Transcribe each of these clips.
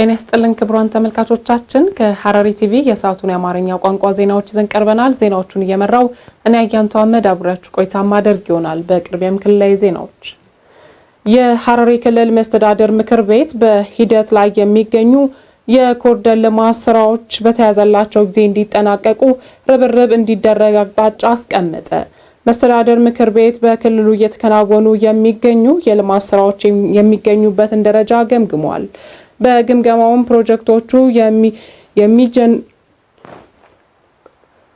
ጤና ይስጥልን ክቡራን ተመልካቾቻችን፣ ከሐረሪ ቲቪ የሰዓቱን የአማርኛ ቋንቋ ዜናዎች ይዘን ቀርበናል። ዜናዎቹን እየመራው እኔ አያንቱ አመድ አብሬያችሁ ቆይታ ማደርግ ይሆናል። በቅድሚያም ክልላዊ ዜናዎች። የሐረሪ ክልል መስተዳደር ምክር ቤት በሂደት ላይ የሚገኙ የኮሪደር ልማት ስራዎች በተያዘላቸው ጊዜ እንዲጠናቀቁ ርብርብ እንዲደረግ አቅጣጫ አስቀመጠ። መስተዳደር ምክር ቤት በክልሉ እየተከናወኑ የሚገኙ የልማት ስራዎች የሚገኙበትን ደረጃ ገምግሟል። በግምገማውም ፕሮጀክቶቹ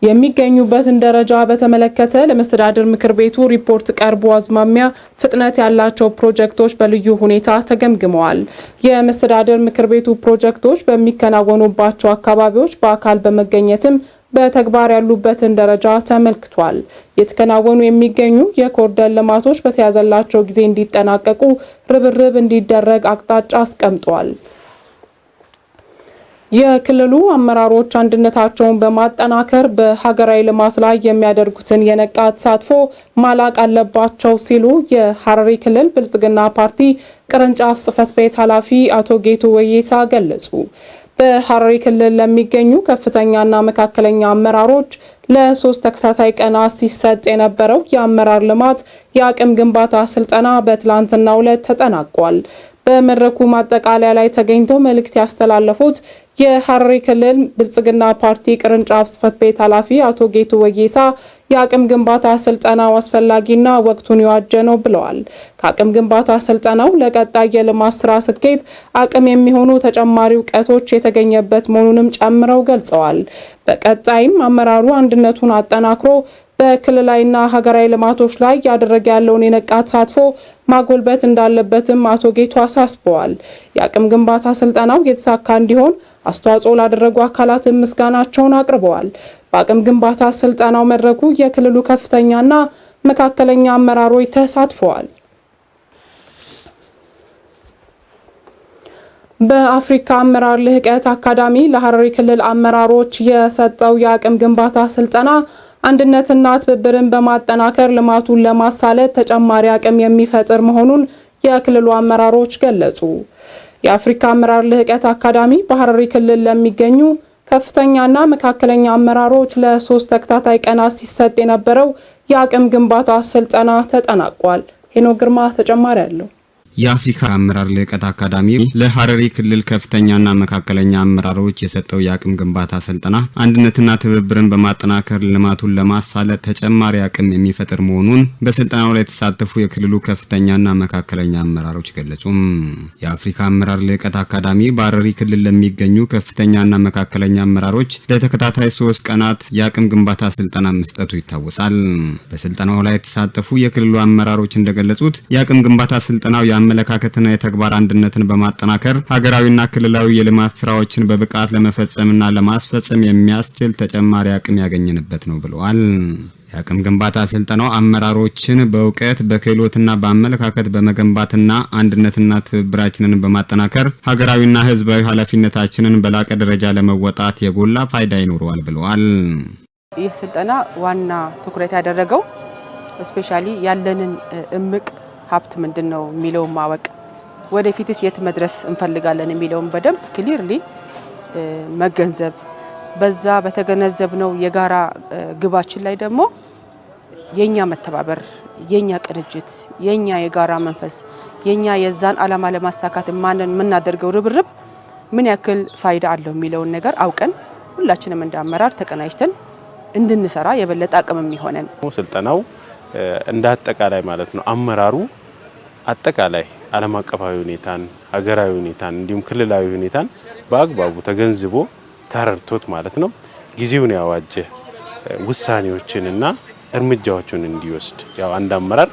የሚገኙበትን ደረጃ በተመለከተ ለመስተዳድር ምክር ቤቱ ሪፖርት ቀርቦ አዝማሚያ ፍጥነት ያላቸው ፕሮጀክቶች በልዩ ሁኔታ ተገምግመዋል። የመስተዳድር ምክር ቤቱ ፕሮጀክቶች በሚከናወኑባቸው አካባቢዎች በአካል በመገኘትም በተግባር ያሉበትን ደረጃ ተመልክቷል። የተከናወኑ የሚገኙ የኮሪደር ልማቶች በተያዘላቸው ጊዜ እንዲጠናቀቁ ርብርብ እንዲደረግ አቅጣጫ አስቀምጧል። የክልሉ አመራሮች አንድነታቸውን በማጠናከር በሀገራዊ ልማት ላይ የሚያደርጉትን የነቃ ተሳትፎ ማላቅ አለባቸው ሲሉ የሐረሪ ክልል ብልጽግና ፓርቲ ቅርንጫፍ ጽህፈት ቤት ኃላፊ አቶ ጌቱ ወይሳ ገለጹ። በሐረሪ ክልል ለሚገኙ ከፍተኛና መካከለኛ አመራሮች ለሶስት ተከታታይ ቀናት ሲሰጥ የነበረው የአመራር ልማት የአቅም ግንባታ ስልጠና በትላንትናው ዕለት ተጠናቋል። በመድረኩ ማጠቃለያ ላይ ተገኝተው መልእክት ያስተላለፉት የሐረሪ ክልል ብልጽግና ፓርቲ ቅርንጫፍ ጽህፈት ቤት ኃላፊ አቶ ጌቱ ወጌሳ የአቅም ግንባታ ስልጠናው አስፈላጊና ወቅቱን የዋጀ ነው ብለዋል። ከአቅም ግንባታ ስልጠናው ለቀጣይ የልማት ስራ ስኬት አቅም የሚሆኑ ተጨማሪ እውቀቶች የተገኘበት መሆኑንም ጨምረው ገልጸዋል። በቀጣይም አመራሩ አንድነቱን አጠናክሮ በክልላዊና ሀገራዊ ልማቶች ላይ እያደረገ ያለውን የነቃ ተሳትፎ ማጎልበት እንዳለበትም አቶ ጌቱ አሳስበዋል። የአቅም ግንባታ ስልጠናው የተሳካ እንዲሆን አስተዋጽኦ ላደረጉ አካላትም ምስጋናቸውን አቅርበዋል። በአቅም ግንባታ ስልጠናው መድረኩ የክልሉ ከፍተኛና መካከለኛ አመራሮች ተሳትፈዋል። በአፍሪካ አመራር ልህቀት አካዳሚ ለሀረሪ ክልል አመራሮች የሰጠው የአቅም ግንባታ ስልጠና አንድነትና ትብብርን በማጠናከር ልማቱን ለማሳለጥ ተጨማሪ አቅም የሚፈጥር መሆኑን የክልሉ አመራሮች ገለጹ። የአፍሪካ አመራር ልህቀት አካዳሚ በሐረሪ ክልል ለሚገኙ ከፍተኛና መካከለኛ አመራሮች ለሶስት ተከታታይ ቀናት ሲሰጥ የነበረው የአቅም ግንባታ ስልጠና ተጠናቋል። ሄኖ ግርማ ተጨማሪ አለው። የአፍሪካ አመራር ልዕቀት አካዳሚ ለሐረሪ ክልል ከፍተኛና መካከለኛ አመራሮች የሰጠው የአቅም ግንባታ ስልጠና አንድነትና ትብብርን በማጠናከር ልማቱን ለማሳለጥ ተጨማሪ አቅም የሚፈጥር መሆኑን በስልጠናው ላይ የተሳተፉ የክልሉ ከፍተኛና መካከለኛ አመራሮች ገለጹም። የአፍሪካ አመራር ልዕቀት አካዳሚ በሐረሪ ክልል ለሚገኙ ከፍተኛና መካከለኛ አመራሮች ለተከታታይ ሶስት ቀናት የአቅም ግንባታ ስልጠና መስጠቱ ይታወሳል። በስልጠናው ላይ የተሳተፉ የክልሉ አመራሮች እንደገለጹት የአቅም ግንባታ ስልጠናው የአመለካከትና የተግባር አንድነትን በማጠናከር ሀገራዊና ክልላዊ የልማት ስራዎችን በብቃት ለመፈጸምና ለማስፈጸም የሚያስችል ተጨማሪ አቅም ያገኘንበት ነው ብለዋል። የአቅም ግንባታ ስልጠናው አመራሮችን በእውቀት በክህሎትና በአመለካከት በመገንባትና አንድነትና ትብብራችንን በማጠናከር ሀገራዊና ህዝባዊ ኃላፊነታችንን በላቀ ደረጃ ለመወጣት የጎላ ፋይዳ ይኖረዋል ብለዋል። ይህ ስልጠና ዋና ትኩረት ያደረገው ስፔሻሊ ያለንን እምቅ ሀብት ምንድን ነው የሚለውን ማወቅ፣ ወደፊትስ የት መድረስ እንፈልጋለን የሚለውን በደንብ ክሊርሊ መገንዘብ፣ በዛ በተገነዘብነው የጋራ ግባችን ላይ ደግሞ የኛ መተባበር፣ የኛ ቅንጅት፣ የኛ የጋራ መንፈስ፣ የኛ የዛን አላማ ለማሳካት ማንን የምናደርገው ርብርብ ምን ያክል ፋይዳ አለው የሚለውን ነገር አውቀን ሁላችንም እንደ አመራር ተቀናጅተን እንድንሰራ የበለጠ አቅም የሚሆነን ስልጠናው እንደ አጠቃላይ ማለት ነው አመራሩ አጠቃላይ ዓለም አቀፋዊ ሁኔታን፣ ሀገራዊ ሁኔታን እንዲሁም ክልላዊ ሁኔታን በአግባቡ ተገንዝቦ ተረድቶት ማለት ነው ጊዜውን ያዋጀ ውሳኔዎችንና እርምጃዎችን እንዲወስድ ያው አንድ አመራር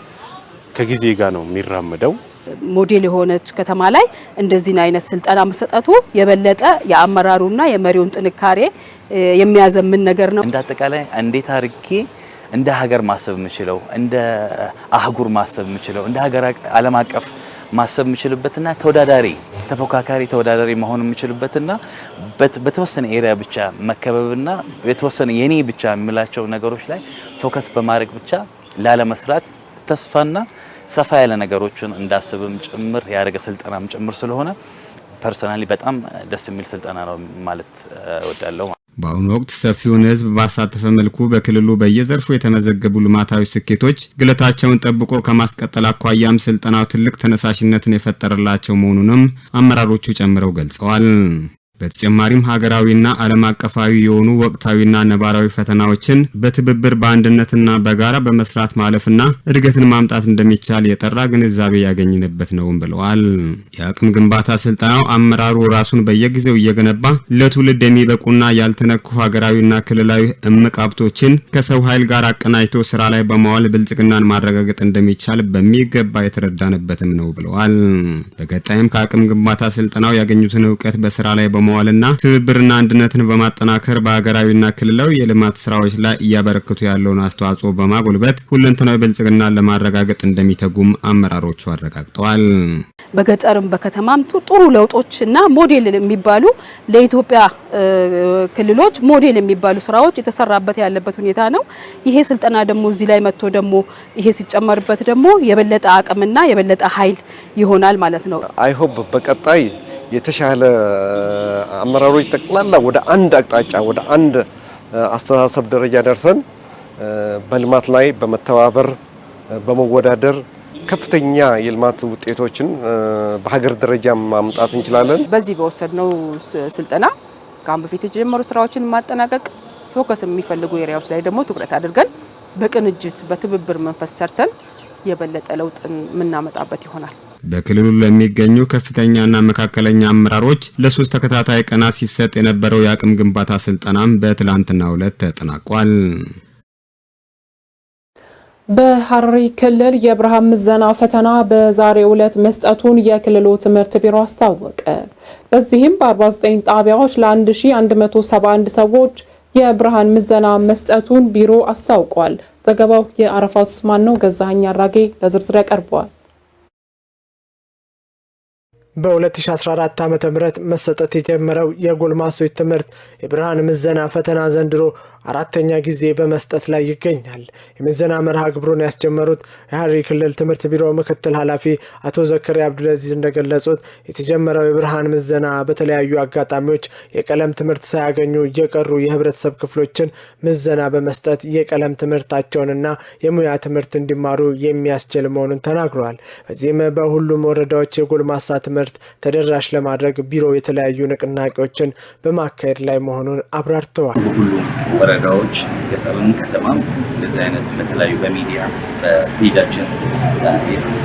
ከጊዜ ጋር ነው የሚራምደው። ሞዴል የሆነች ከተማ ላይ እንደዚህን አይነት ስልጠና መሰጠቱ የበለጠ የአመራሩና የመሪውን ጥንካሬ የሚያዘምን ነገር ነው። እንደ አጠቃላይ እንዴት አድርጌ እንደ ሀገር ማሰብ የምችለው እንደ አህጉር ማሰብ የምችለው እንደ ሀገር ዓለም አቀፍ ማሰብ የምችልበትና ተወዳዳሪ ተፎካካሪ ተወዳዳሪ መሆን የምችልበትና በተወሰነ ኤሪያ ብቻ መከበብና የተወሰነ የኔ ብቻ የሚላቸው ነገሮች ላይ ፎከስ በማድረግ ብቻ ላለመስራት ተስፋና ሰፋ ያለ ነገሮችን እንዳስብም ጭምር ያደረገ ስልጠናም ጭምር ስለሆነ ፐርሰናሊ በጣም ደስ የሚል ስልጠና ነው ማለት እወዳለሁ። በአሁኑ ወቅት ሰፊውን ህዝብ ባሳተፈ መልኩ በክልሉ በየዘርፉ የተመዘገቡ ልማታዊ ስኬቶች ግለታቸውን ጠብቆ ከማስቀጠል አኳያም ስልጠናው ትልቅ ተነሳሽነትን የፈጠረላቸው መሆኑንም አመራሮቹ ጨምረው ገልጸዋል። በተጨማሪም ሀገራዊና ዓለም አቀፋዊ የሆኑ ወቅታዊና ነባራዊ ፈተናዎችን በትብብር በአንድነትና በጋራ በመስራት ማለፍና እድገትን ማምጣት እንደሚቻል የጠራ ግንዛቤ ያገኝንበት ነውም ብለዋል። የአቅም ግንባታ ስልጠናው አመራሩ ራሱን በየጊዜው እየገነባ ለትውልድ የሚበቁና ያልተነኩ ሀገራዊና ክልላዊ እምቅ ሀብቶችን ከሰው ኃይል ጋር አቀናጅቶ ስራ ላይ በማዋል ብልጽግናን ማረጋገጥ እንደሚቻል በሚገባ የተረዳንበትም ነው ብለዋል። በቀጣይም ከአቅም ግንባታ ስልጠናው ያገኙትን እውቀት በስራ ላይ በማ ገምግመዋልና ትብብርና አንድነትን በማጠናከር በሀገራዊና ክልላዊ የልማት ስራዎች ላይ እያበረክቱ ያለውን አስተዋጽኦ በማጎልበት ሁለንተናዊ ብልጽግና ለማረጋገጥ እንደሚተጉም አመራሮቹ አረጋግጠዋል። በገጠርም በከተማም ጥሩ ለውጦች እና ሞዴል የሚባሉ ለኢትዮጵያ ክልሎች ሞዴል የሚባሉ ስራዎች የተሰራበት ያለበት ሁኔታ ነው። ይሄ ስልጠና ደግሞ እዚህ ላይ መጥቶ ደግሞ ይሄ ሲጨመርበት ደግሞ የበለጠ አቅምና የበለጠ ኃይል ይሆናል ማለት ነው። አይሆፕ በቀጣይ የተሻለ አመራሮች ጠቅላላ ወደ አንድ አቅጣጫ ወደ አንድ አስተሳሰብ ደረጃ ደርሰን በልማት ላይ በመተባበር በመወዳደር ከፍተኛ የልማት ውጤቶችን በሀገር ደረጃ ማምጣት እንችላለን። በዚህ በወሰድነው ስልጠና ከአሁን በፊት የተጀመሩ ስራዎችን ማጠናቀቅ፣ ፎከስ የሚፈልጉ ኤሪያዎች ላይ ደግሞ ትኩረት አድርገን በቅንጅት በትብብር መንፈስ ሰርተን የበለጠ ለውጥ የምናመጣበት ይሆናል። በክልሉ ለሚገኙ ከፍተኛና መካከለኛ አመራሮች ለሶስት ተከታታይ ቀናት ሲሰጥ የነበረው የአቅም ግንባታ ስልጠናም በትላንትናው ዕለት ተጠናቋል። በሐረሪ ክልል የብርሃን ምዘና ፈተና በዛሬው ዕለት መስጠቱን የክልሉ ትምህርት ቢሮ አስታወቀ። በዚህም በ49 ጣቢያዎች ለ1171 ሰዎች የብርሃን ምዘና መስጠቱን ቢሮ አስታውቋል። ዘገባው የአረፋ ስማን ነው። ገዛኸኝ አራጌ ለዝርዝር ያቀርበዋል። በ2014 ዓ ም መሰጠት የጀመረው የጎልማሶች ትምህርት የብርሃን ምዘና ፈተና ዘንድሮ አራተኛ ጊዜ በመስጠት ላይ ይገኛል። የምዘና መርሃ ግብሩን ያስጀመሩት የሐረሪ ክልል ትምህርት ቢሮ ምክትል ኃላፊ አቶ ዘከሪ አብዱልአዚዝ እንደገለጹት የተጀመረው የብርሃን ምዘና በተለያዩ አጋጣሚዎች የቀለም ትምህርት ሳያገኙ የቀሩ የህብረተሰብ ክፍሎችን ምዘና በመስጠት የቀለም ትምህርታቸውንና የሙያ ትምህርት እንዲማሩ የሚያስችል መሆኑን ተናግረዋል። በዚህም በሁሉም ወረዳዎች የጎልማሳ ትምህርት ተደራሽ ለማድረግ ቢሮ የተለያዩ ንቅናቄዎችን በማካሄድ ላይ መሆኑን አብራርተዋል። ወረዳዎች ገጠርም ከተማም እንደዚህ አይነት በተለያዩ በሚዲያ በፔጃችን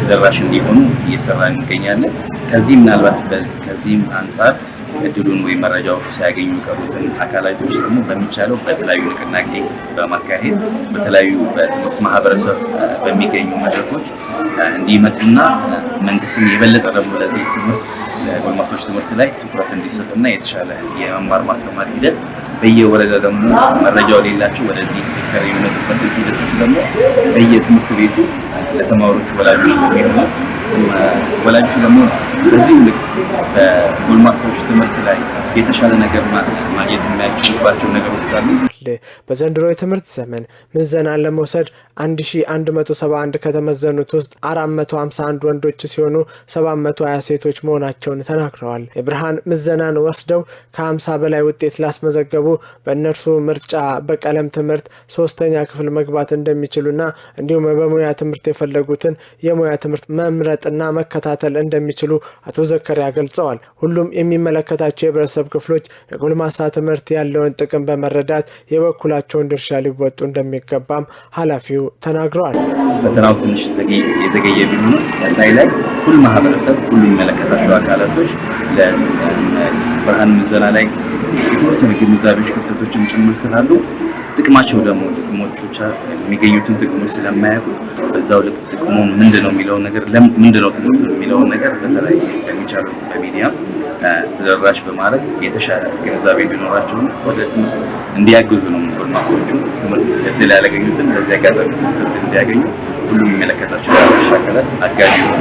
ተደራሽ እንዲሆኑ እየሰራ እንገኛለን። ከዚህ ምናልባት ከዚህም አንጻር እድሉን ወይም መረጃውን ሳያገኙ የቀሩትን አካላቶች ደግሞ በሚቻለው በተለያዩ ንቅናቄ በማካሄድ በተለያዩ በትምህርት ማህበረሰብ በሚገኙ መድረኮች እንዲመጡና መንግስትም የበለጠ ደግሞ ለዚህ ትምህርት ጎልማሶች ትምህርት ላይ ትኩረት እንዲሰጥና የተሻለ የመማር ማስተማር ሂደት በየወረዳ ደግሞ መረጃው ሌላቸው ወደዚህ ሴክተር የሚመጡበት ሂደቶች ደግሞ በየትምህርት ቤቱ ለተማሪዎቹ ወላጆች የሚሆኑ ወላጆች ደግሞ በዚህ ልክ በጎልማሳዎች ትምህርት ላይ የተሻለ ነገር ማግኘት የሚያችሉባቸው ነገሮች ካሉ በዘንድሮ የትምህርት ዘመን ምዘናን ለመውሰድ 1171 ከተመዘኑት ውስጥ 451 ወንዶች ሲሆኑ 720 ሴቶች መሆናቸውን ተናግረዋል። የብርሃን ምዘናን ወስደው ከ50 በላይ ውጤት ላስመዘገቡ በእነርሱ ምርጫ በቀለም ትምህርት ሶስተኛ ክፍል መግባት እንደሚችሉና እንዲሁም በሙያ ትምህርት የፈለጉትን የሙያ ትምህርት መምረጥና መከታተል እንደሚችሉ አቶ ዘከሪያ ገልጸዋል። ሁሉም የሚመለከታቸው የህብረተሰብ ክፍሎች የጎልማሳ ትምህርት ያለውን ጥቅም በመረዳት የበኩላቸውን ድርሻ ሊወጡ እንደሚገባም ኃላፊው ተናግረዋል። ፈተናው ትንሽ የተገየ ቢሆንም ቀጣይ ላይ ሁሉ ማህበረሰብ፣ ሁሉ የሚመለከታቸው አካላቶች ለብርሃን ምዘና ላይ የተወሰነ ግንዛቤዎች ክፍተቶችን ጭምር ስላሉ ጥቅማቸው ደግሞ ጥቅሞች ብቻ የሚገኙትን ጥቅሞች ስለማያውቁ በዛው ልክ ጥቅሙ ምንድነው የሚለውን ነገር ምንድነው ትምህርት የሚለውን ነገር በተለያየ ቻሉ በሚዲያ ተደራሽ በማድረግ የተሻለ ግንዛቤ እንዲኖራቸው ወደ ትምህርት እንዲያግዙ ነው። ጎልማሶቹ ትምህርት እድል ያላገኙትን በዚህ አጋጣሚ ትምህርት እንዲያገኙ ሁሉም የሚመለከታቸው አካላት አጋዥ ነው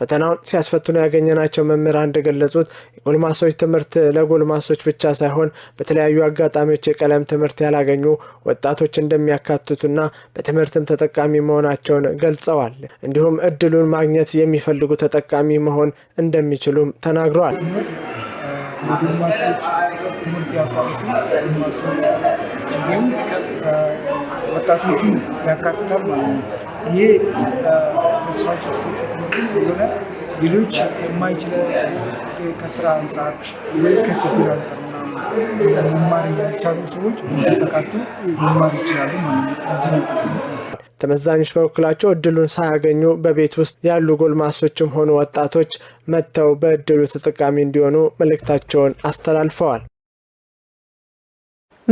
ፈተናውን ሲያስፈትኑ ያገኘናቸው መምህራን እንደገለጹት የጎልማሶች ትምህርት ለጎልማሶች ብቻ ሳይሆን በተለያዩ አጋጣሚዎች የቀለም ትምህርት ያላገኙ ወጣቶች እንደሚያካትቱና በትምህርትም ተጠቃሚ መሆናቸውን ገልጸዋል። እንዲሁም እድሉን ማግኘት የሚፈልጉ ተጠቃሚ መሆን እንደሚችሉም ተናግረዋል። ወጣቶቹ ያካትታል ማለት ነው። ይሄ ተስፋ የተሰጠ ስለሆነ ሌሎች ከስራ አንጻር ወይ ከችግር አንጻር መማር ያልቻሉ ሰዎች በዚህ ተካቶ መማር ይችላሉ ማለት ነው። ተመዛኞች በበኩላቸው እድሉን ሳያገኙ በቤት ውስጥ ያሉ ጎልማሶችም ሆኑ ወጣቶች መጥተው በእድሉ ተጠቃሚ እንዲሆኑ መልእክታቸውን አስተላልፈዋል።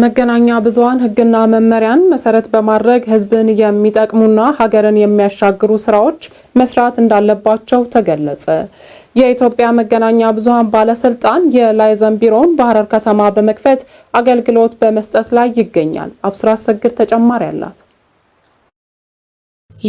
መገናኛ ብዙሃን ህግና መመሪያን መሰረት በማድረግ ህዝብን የሚጠቅሙና ሀገርን የሚያሻግሩ ስራዎች መስራት እንዳለባቸው ተገለጸ። የኢትዮጵያ መገናኛ ብዙሃን ባለስልጣን የላይዘን ቢሮን በሐረር ከተማ በመክፈት አገልግሎት በመስጠት ላይ ይገኛል። አብስራ አሰግድ ተጨማሪ አላት።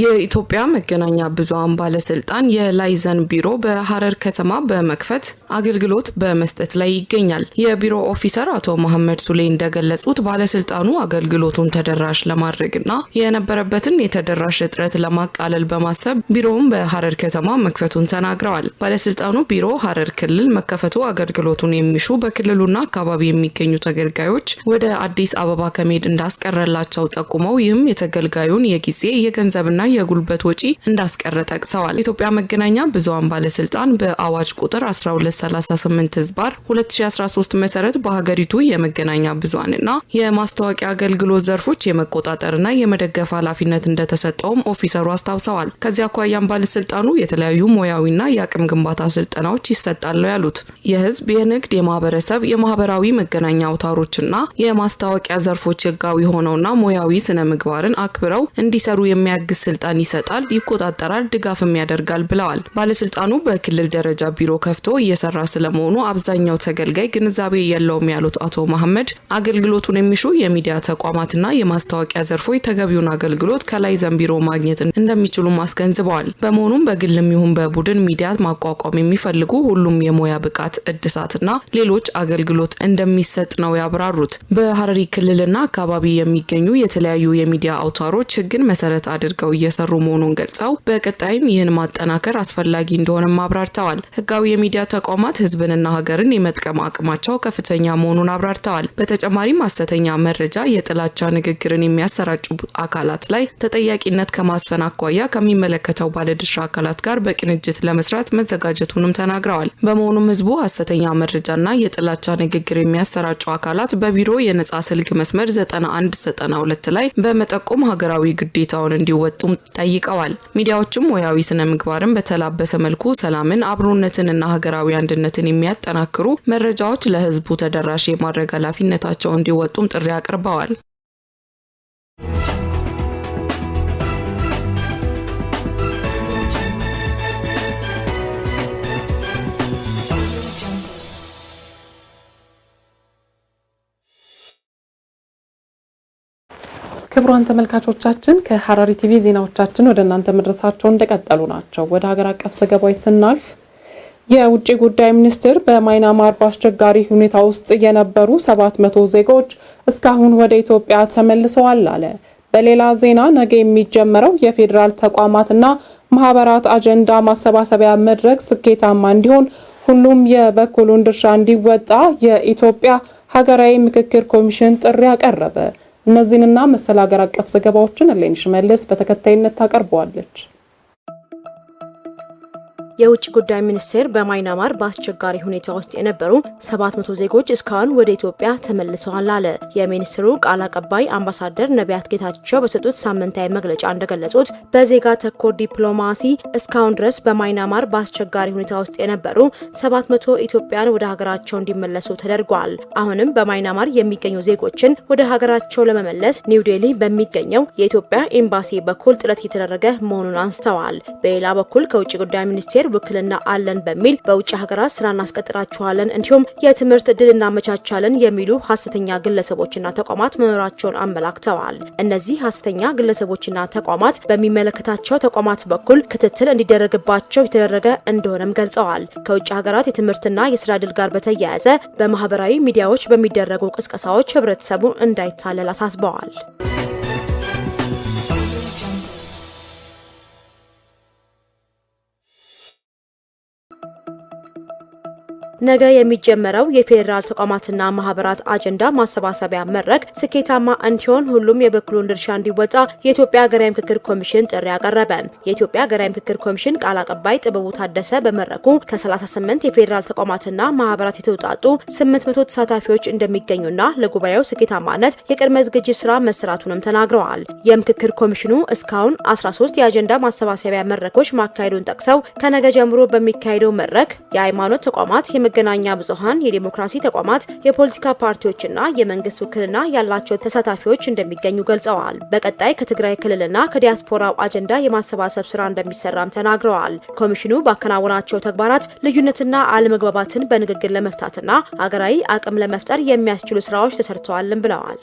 የኢትዮጵያ መገናኛ ብዙሃን ባለስልጣን የላይዘን ቢሮ በሐረር ከተማ በመክፈት አገልግሎት በመስጠት ላይ ይገኛል። የቢሮ ኦፊሰር አቶ መሐመድ ሱሌ እንደገለጹት ባለስልጣኑ አገልግሎቱን ተደራሽ ለማድረግና የነበረበትን የተደራሽ እጥረት ለማቃለል በማሰብ ቢሮውን በሐረር ከተማ መክፈቱን ተናግረዋል። ባለስልጣኑ ቢሮ ሐረር ክልል መከፈቱ አገልግሎቱን የሚሹ በክልሉና አካባቢ የሚገኙ ተገልጋዮች ወደ አዲስ አበባ ከመሄድ እንዳስቀረላቸው ጠቁመው ይህም የተገልጋዩን የጊዜ የገንዘብና ላይ የጉልበት ወጪ እንዳስቀረ ጠቅሰዋል። የኢትዮጵያ መገናኛ ብዙሃን ባለስልጣን በአዋጅ ቁጥር 1238 ህዝባር 2013 መሰረት በሀገሪቱ የመገናኛ ብዙኃንና የማስታወቂያ አገልግሎት ዘርፎች የመቆጣጠርና የመደገፍ ኃላፊነት እንደተሰጠውም ኦፊሰሩ አስታውሰዋል። ከዚህ አኳያም ባለስልጣኑ የተለያዩ ሙያዊና የአቅም ግንባታ ስልጠናዎች ይሰጣል ነው ያሉት። የህዝብ፣ የንግድ፣ የማህበረሰብ፣ የማህበራዊ መገናኛ አውታሮችና የማስታወቂያ ዘርፎች ህጋዊ ሆነውና ሙያዊ ስነ ምግባርን አክብረው እንዲሰሩ የሚያግስ ስልጣን ይሰጣል፣ ይቆጣጠራል፣ ድጋፍም ያደርጋል ብለዋል። ባለስልጣኑ በክልል ደረጃ ቢሮ ከፍቶ እየሰራ ስለመሆኑ አብዛኛው ተገልጋይ ግንዛቤ የለውም ያሉት አቶ መሐመድ አገልግሎቱን የሚሹ የሚዲያ ተቋማትና የማስታወቂያ ዘርፎች ተገቢውን አገልግሎት ከላይ ዘንቢሮ ማግኘት እንደሚችሉ አስገንዝበዋል። በመሆኑም በግልም ይሁን በቡድን ሚዲያ ማቋቋም የሚፈልጉ ሁሉም የሙያ ብቃት እድሳትና ሌሎች አገልግሎት እንደሚሰጥ ነው ያብራሩት። በሀረሪ ክልልና አካባቢ የሚገኙ የተለያዩ የሚዲያ አውታሮች ህግን መሰረት አድርገው አጠናክረው እየሰሩ መሆኑን ገልጸው በቀጣይም ይህን ማጠናከር አስፈላጊ እንደሆነም አብራርተዋል። ህጋዊ የሚዲያ ተቋማት ህዝብንና ሀገርን የመጥቀም አቅማቸው ከፍተኛ መሆኑን አብራርተዋል። በተጨማሪም ሐሰተኛ መረጃ፣ የጥላቻ ንግግርን የሚያሰራጩ አካላት ላይ ተጠያቂነት ከማስፈን አኳያ ከሚመለከተው ባለድርሻ አካላት ጋር በቅንጅት ለመስራት መዘጋጀቱንም ተናግረዋል። በመሆኑም ህዝቡ ሐሰተኛ መረጃና የጥላቻ ንግግር የሚያሰራጩ አካላት በቢሮ የነጻ ስልክ መስመር 9192 ላይ በመጠቆም ሀገራዊ ግዴታውን እንዲወጡ እንዲሰጡም ጠይቀዋል። ሚዲያዎችም ሙያዊ ስነ ምግባርን በተላበሰ መልኩ ሰላምን፣ አብሮነትንና ሀገራዊ አንድነትን የሚያጠናክሩ መረጃዎች ለህዝቡ ተደራሽ የማድረግ ኃላፊነታቸው እንዲወጡም ጥሪ አቅርበዋል። ክቡራን ተመልካቾቻችን ከሐረሪ ቲቪ ዜናዎቻችን ወደ እናንተ መድረሳቸው እንደቀጠሉ ናቸው። ወደ ሀገር አቀፍ ዘገባዎች ስናልፍ የውጭ ጉዳይ ሚኒስትር በማይናማር በአስቸጋሪ ሁኔታ ውስጥ የነበሩ 700 ዜጎች እስካሁን ወደ ኢትዮጵያ ተመልሰዋል አለ። በሌላ ዜና ነገ የሚጀመረው የፌዴራል ተቋማትና ማህበራት አጀንዳ ማሰባሰቢያ መድረክ ስኬታማ እንዲሆን ሁሉም የበኩሉን ድርሻ እንዲወጣ የኢትዮጵያ ሀገራዊ ምክክር ኮሚሽን ጥሪ አቀረበ። እነዚህንና መሰል ሀገር አቀፍ ዘገባዎችን እሌንሽ ሽመልስ በተከታይነት ታቀርበዋለች። የውጭ ጉዳይ ሚኒስቴር በማይናማር በአስቸጋሪ ሁኔታ ውስጥ የነበሩ 700 ዜጎች እስካሁን ወደ ኢትዮጵያ ተመልሰዋል አለ። የሚኒስትሩ ቃል አቀባይ አምባሳደር ነቢያት ጌታቸው በሰጡት ሳምንታዊ መግለጫ እንደገለጹት በዜጋ ተኮር ዲፕሎማሲ እስካሁን ድረስ በማይናማር በአስቸጋሪ ሁኔታ ውስጥ የነበሩ 700 ኢትዮጵያን ወደ ሀገራቸው እንዲመለሱ ተደርጓል። አሁንም በማይናማር የሚገኙ ዜጎችን ወደ ሀገራቸው ለመመለስ ኒውዴሊ በሚገኘው የኢትዮጵያ ኤምባሲ በኩል ጥረት እየተደረገ መሆኑን አንስተዋል። በሌላ በኩል ከውጭ ጉዳይ ሚኒስቴር ሚኒስቴር ውክልና አለን በሚል በውጭ ሀገራት ስራ እናስቀጥራችኋለን እንዲሁም የትምህርት እድል እናመቻቻለን የሚሉ ሀሰተኛ ግለሰቦችና ተቋማት መኖራቸውን አመላክተዋል። እነዚህ ሀሰተኛ ግለሰቦችና ተቋማት በሚመለከታቸው ተቋማት በኩል ክትትል እንዲደረግባቸው የተደረገ እንደሆነም ገልጸዋል። ከውጭ ሀገራት የትምህርትና የስራ እድል ጋር በተያያዘ በማህበራዊ ሚዲያዎች በሚደረጉ ቅስቀሳዎች ህብረተሰቡ እንዳይታለል አሳስበዋል። ነገ የሚጀመረው የፌዴራል ተቋማትና ማህበራት አጀንዳ ማሰባሰቢያ መድረክ ስኬታማ እንዲሆን ሁሉም የበኩሉን ድርሻ እንዲወጣ የኢትዮጵያ ሀገራዊ ምክክር ኮሚሽን ጥሪ አቀረበ። የኢትዮጵያ ሀገራዊ ምክክር ኮሚሽን ቃል አቀባይ ጥበቡ ታደሰ በመድረኩ ከ38 የፌዴራል ተቋማትና ማህበራት የተውጣጡ 800 ተሳታፊዎች እንደሚገኙና ለጉባኤው ስኬታማነት የቅድመ ዝግጅት ስራ መስራቱንም ተናግረዋል። የምክክር ኮሚሽኑ እስካሁን 13 የአጀንዳ ማሰባሰቢያ መድረኮች ማካሄዱን ጠቅሰው ከነገ ጀምሮ በሚካሄደው መድረክ የሃይማኖት ተቋማት የመገናኛ ብዙሃን የዲሞክራሲ ተቋማት፣ የፖለቲካ ፓርቲዎችና የመንግስት ውክልና ያላቸው ተሳታፊዎች እንደሚገኙ ገልጸዋል። በቀጣይ ከትግራይ ክልልና ከዲያስፖራው አጀንዳ የማሰባሰብ ስራ እንደሚሰራም ተናግረዋል። ኮሚሽኑ ባከናወናቸው ተግባራት ልዩነትና አለመግባባትን በንግግር ለመፍታትና አገራዊ አቅም ለመፍጠር የሚያስችሉ ስራዎች ተሰርተዋልም ብለዋል።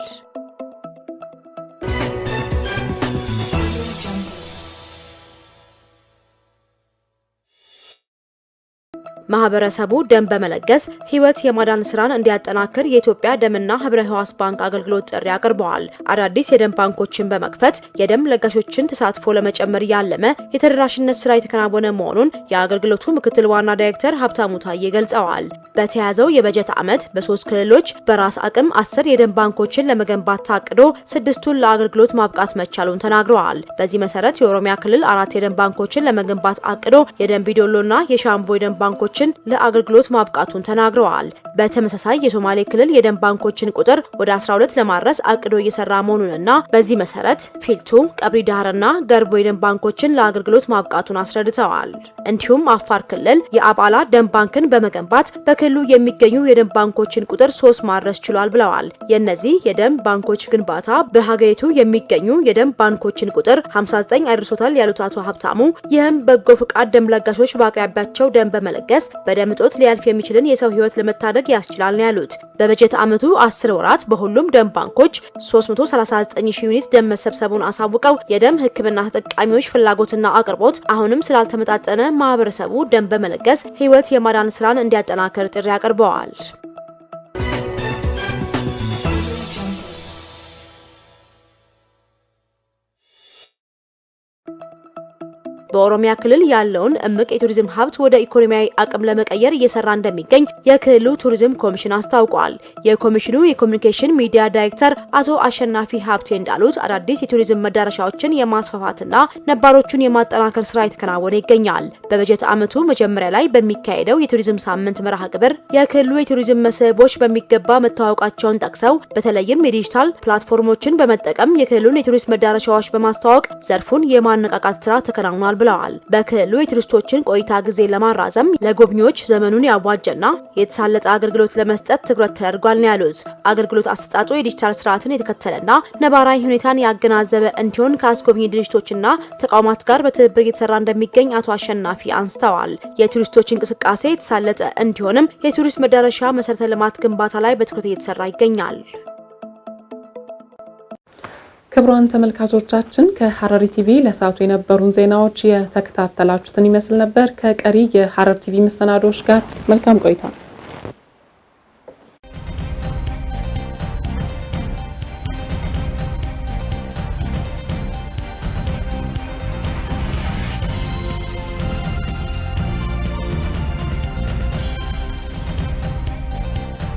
ማህበረሰቡ ደም በመለገስ ህይወት የማዳን ስራን እንዲያጠናክር የኢትዮጵያ ደምና ህብረ ህዋስ ባንክ አገልግሎት ጥሪ አቅርበዋል። አዳዲስ የደም ባንኮችን በመክፈት የደም ለጋሾችን ተሳትፎ ለመጨመር ያለመ የተደራሽነት ስራ የተከናወነ መሆኑን የአገልግሎቱ ምክትል ዋና ዳይሬክተር ሀብታሙ ታዬ ገልጸዋል። በተያዘው የበጀት ዓመት በሶስት ክልሎች በራስ አቅም አስር የደም ባንኮችን ለመገንባት ታቅዶ ስድስቱን ለአገልግሎት ማብቃት መቻሉን ተናግረዋል። በዚህ መሰረት የኦሮሚያ ክልል አራት የደም ባንኮችን ለመገንባት አቅዶ የደንቢዶሎና የሻምቦ የደም ባንኮች ባንኮችን ለአገልግሎት ማብቃቱን ተናግረዋል። በተመሳሳይ የሶማሌ ክልል የደም ባንኮችን ቁጥር ወደ 12 ለማድረስ አቅዶ እየሰራ መሆኑንና በዚህ መሰረት ፊልቱ፣ ቀብሪ ዳህርና ገርቦ የደም ባንኮችን ለአገልግሎት ማብቃቱን አስረድተዋል። እንዲሁም አፋር ክልል የአባላ ደም ባንክን በመገንባት በክልሉ የሚገኙ የደም ባንኮችን ቁጥር ሶስት ማድረስ ችሏል ብለዋል። የእነዚህ የደም ባንኮች ግንባታ በሀገሪቱ የሚገኙ የደም ባንኮችን ቁጥር 59 አድርሶታል ያሉት አቶ ሀብታሙ ይህም በጎ ፍቃድ ደም ለጋሾች በአቅራቢያቸው ደም በመለገስ መንግስት በደም እጦት ሊያልፍ የሚችልን የሰው ህይወት ለመታደግ ያስችላል ነው ያሉት። በበጀት ዓመቱ 10 ወራት በሁሉም ደም ባንኮች 339000 ዩኒት ደም መሰብሰቡን አሳውቀው የደም ህክምና ተጠቃሚዎች ፍላጎትና አቅርቦት አሁንም ስላልተመጣጠነ ማህበረሰቡ ደም በመለገስ ህይወት የማዳን ስራን እንዲያጠናክር ጥሪ አቅርበዋል። በኦሮሚያ ክልል ያለውን እምቅ የቱሪዝም ሀብት ወደ ኢኮኖሚያዊ አቅም ለመቀየር እየሰራ እንደሚገኝ የክልሉ ቱሪዝም ኮሚሽን አስታውቋል። የኮሚሽኑ የኮሚኒኬሽን ሚዲያ ዳይሬክተር አቶ አሸናፊ ሀብቴ እንዳሉት አዳዲስ የቱሪዝም መዳረሻዎችን የማስፋፋትና ነባሮቹን የማጠናከር ስራ የተከናወነ ይገኛል። በበጀት ዓመቱ መጀመሪያ ላይ በሚካሄደው የቱሪዝም ሳምንት መርሃ ግብር የክልሉ የቱሪዝም መስህቦች በሚገባ መታወቃቸውን ጠቅሰው በተለይም የዲጂታል ፕላትፎርሞችን በመጠቀም የክልሉን የቱሪስት መዳረሻዎች በማስተዋወቅ ዘርፉን የማነቃቃት ስራ ተከናውኗል ብለዋል። በክልሉ የቱሪስቶችን ቆይታ ጊዜ ለማራዘም ለጎብኚዎች ዘመኑን ያዋጀና የተሳለጠ አገልግሎት ለመስጠት ትኩረት ተደርጓል ነው ያሉት። አገልግሎት አሰጣጡ የዲጂታል ስርዓትን የተከተለና ነባራዊ ሁኔታን ያገናዘበ እንዲሆን ከአስጎብኚ ድርጅቶችና ተቋማት ጋር በትብብር እየተሰራ እንደሚገኝ አቶ አሸናፊ አንስተዋል። የቱሪስቶች እንቅስቃሴ የተሳለጠ እንዲሆንም የቱሪስት መዳረሻ መሰረተ ልማት ግንባታ ላይ በትኩረት እየተሰራ ይገኛል። ክቡራን ተመልካቾቻችን ከሐረሪ ቲቪ ለሰዓቱ የነበሩን ዜናዎች የተከታተላችሁትን ይመስል ነበር። ከቀሪ የሐረር ቲቪ መሰናዶዎች ጋር መልካም ቆይታ